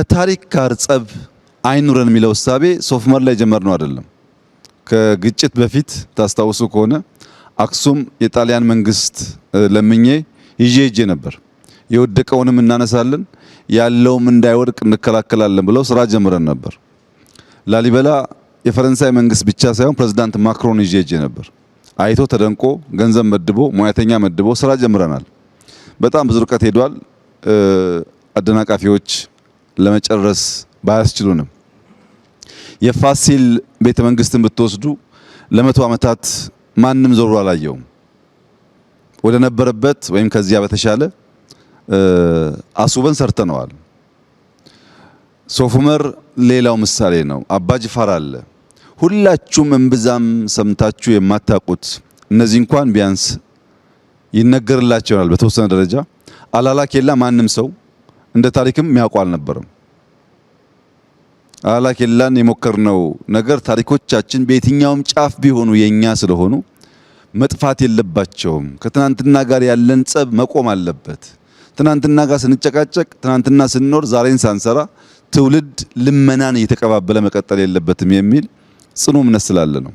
ከታሪክ ጋር ጸብ አይኑረን የሚለው እሳቤ ሶፍመር ላይ ነው አይደለም። ከግጭት በፊት ታስታውሱ ከሆነ አክሱም የጣሊያን መንግስት ለምኜ ይዤ ይዤ ነበር። የወደቀውንም እናነሳለን ያለውም እንዳይወድቅ እንከላከላለን ብለው ስራ ጀምረን ነበር። ላሊበላ የፈረንሳይ መንግስት ብቻ ሳይሆን ፕሬዝዳንት ማክሮን ይዤ ይዤ ነበር። አይቶ ተደንቆ ገንዘብ መድቦ ሙያተኛ መድቦ ስራ ጀምረናል። በጣም ብዙ ርቀት ሄዷል። አደናቃፊዎች ለመጨረስ ባያስችሉንም የፋሲል ቤተ መንግስትን ብትወስዱ ለመቶ ዓመታት ማንም ዞሮ አላየውም። ወደ ነበረበት ወይም ከዚያ በተሻለ አስውበን ሰርተነዋል። ሶፍ ሌላው ምሳሌ ነው። አባጅፋር አለ። ሁላችሁም እምብዛም ሰምታችሁ የማታውቁት እነዚህ እንኳን ቢያንስ ይነገርላቸዋል በተወሰነ ደረጃ። አላላ ኬላ ማንም ሰው እንደ ታሪክም የሚያውቁ አልነበረም። አላኬላን የሞከርነው ነገር ታሪኮቻችን በየትኛውም ጫፍ ቢሆኑ የኛ ስለሆኑ መጥፋት የለባቸውም። ከትናንትና ጋር ያለን ጸብ መቆም አለበት። ትናንትና ጋር ስንጨቃጨቅ፣ ትናንትና ስንኖር፣ ዛሬን ሳንሰራ ትውልድ ልመናን እየተቀባበለ መቀጠል የለበትም የሚል ጽኑ እምነት ስላለ ነው።